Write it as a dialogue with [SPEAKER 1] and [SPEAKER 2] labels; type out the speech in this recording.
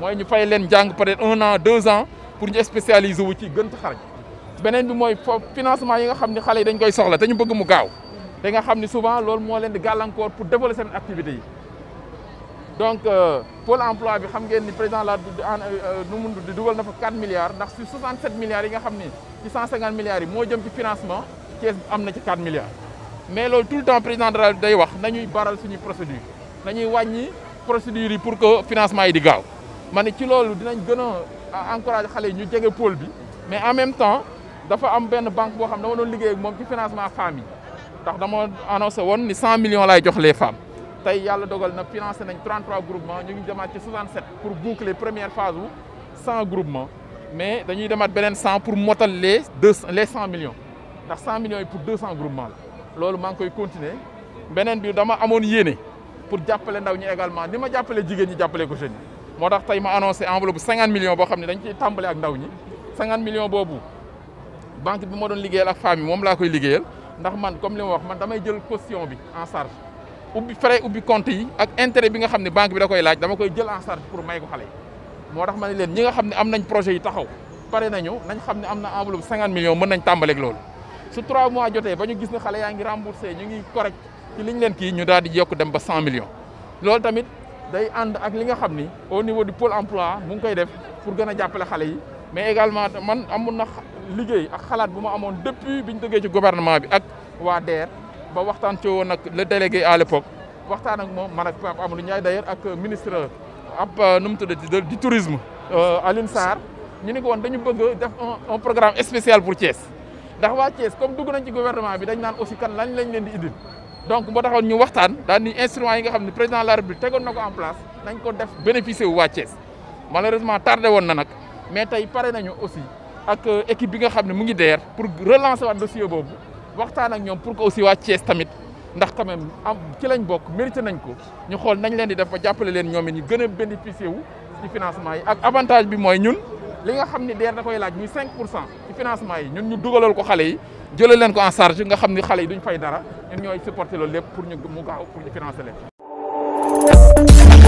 [SPEAKER 1] moy ñu fay leen jang peut-être 1 an 2 ans pour ñu spécialiser wu ci gënt a benen bi moy financement yi nga xamni xalé dañ koy soxla té ñu bëgg mu gaaw te nga xamni souvent lool mo leen di galancor pour développer sen activité yi donc euh, pôle emploi bi xam ngeen ni président la du euh, euh, nu mu di dugal na fa 4 milliards ndax ci 67 milliards yi nga xamni ci 150 milliards yi mo jëm ci financement ci am na ci 4 milliards. mais lool tout le temps président de la day wax nañuy baral suñu procédure nañuy wañi procédure yi pour que financement yi di gaaw mané ci loolu dinañ gëna encourager encouragé ñu jege pôle bi mais en même temps dafa am benn banque bo xam dama doon liggéey ak mom ci financement femme tax dama annoncé woon ni 100 millions lay jox les femmes tay yalla dogal na financé nañ 33 groupements ñu ngi demaat ci 67 pour boucler première phase 100 groupements mais dañuy demat benen 100 pour motal les les 100 millions ndax 100 millions pour 200 groupements la loolu maa koy continuer nous bi dama amone pour jàppale ndaw ñi également ni ma jàppale ñi ko jeunes moo tax tey ma annoncé enveloppe bu 50 millions boo xam ne dañ ciy tàmbale ak ndaw ñi 50 millions boobu banque bi ma doon liggéeyal ak famille moom laa koy liggéeyal ndax man comme li ma wax man damay jël caution bi en charge ubbi frais ubbi compte yi ak intérêt bi nga xam ne banque bi da koy laaj dama koy jël en charge pour may ko xale yi moo tax ma ne leen ñi nga xam am nañ projet yi taxaw pare nañu nañ xam ne am na enveloppe 50 millions mën nañ tàmbaleeg loolu su 3 mois jotee ba ñu gis ne xale yaa ngi remboursé ñu ngi correct ci liñ leen kii ñu daal di yokk dem ba 100 millions loolu tamit day and ak li nga xamni au niveau du pôle emploi mu ngi koy def pour gëna jappalé xalé yi mais également man amoon na liggéey ak xalaat bu ma amoon depuis bi ñu ci gouvernement bi ak waa DER ba waxtaan ci woon ak le délégué à l'époque waxtaan ak moom man ak Pape Amadou Ndiaye d'ailleurs ak ministre ab euh, nu mu tuddati du tourisme euh, Aline Sarr ñu ni ko woon dañu bëgg def un programme spécial pour Thiès ndax waa Thiès comme dugg nañ ci gouvernement bi dañ naan aussi kan lañ lañ leen di indil donc moo taxone ñu waxtaan daan ni instrument yi nga xamni président de la république tégon nako en place nañ ko def bénéficier wu waa malheureusement tardé won na nak mais tay paré nañu aussi ak euh, équipe bi nga xamni mu ngi der pour relancer wat dossier bobu waxtaan ak ñom pour que aussi waa tamit ndax quand même am ci lañ bok mérité nañ ko ñu xol nañ leen di def ba jappalé leen ñom it gëna bénéficier wu ci financement yi ak avantage bi moy ñun li nga xamni DER da koy laaj muy 5 ci financement yi ñun ñu dugalal ko xalé yi jëlé leen ko en charge nga xamni xalé yi duñ fay dara ñun ñooy supporter loolu lépp pour ñu mu gaaw pour ñu financer leen.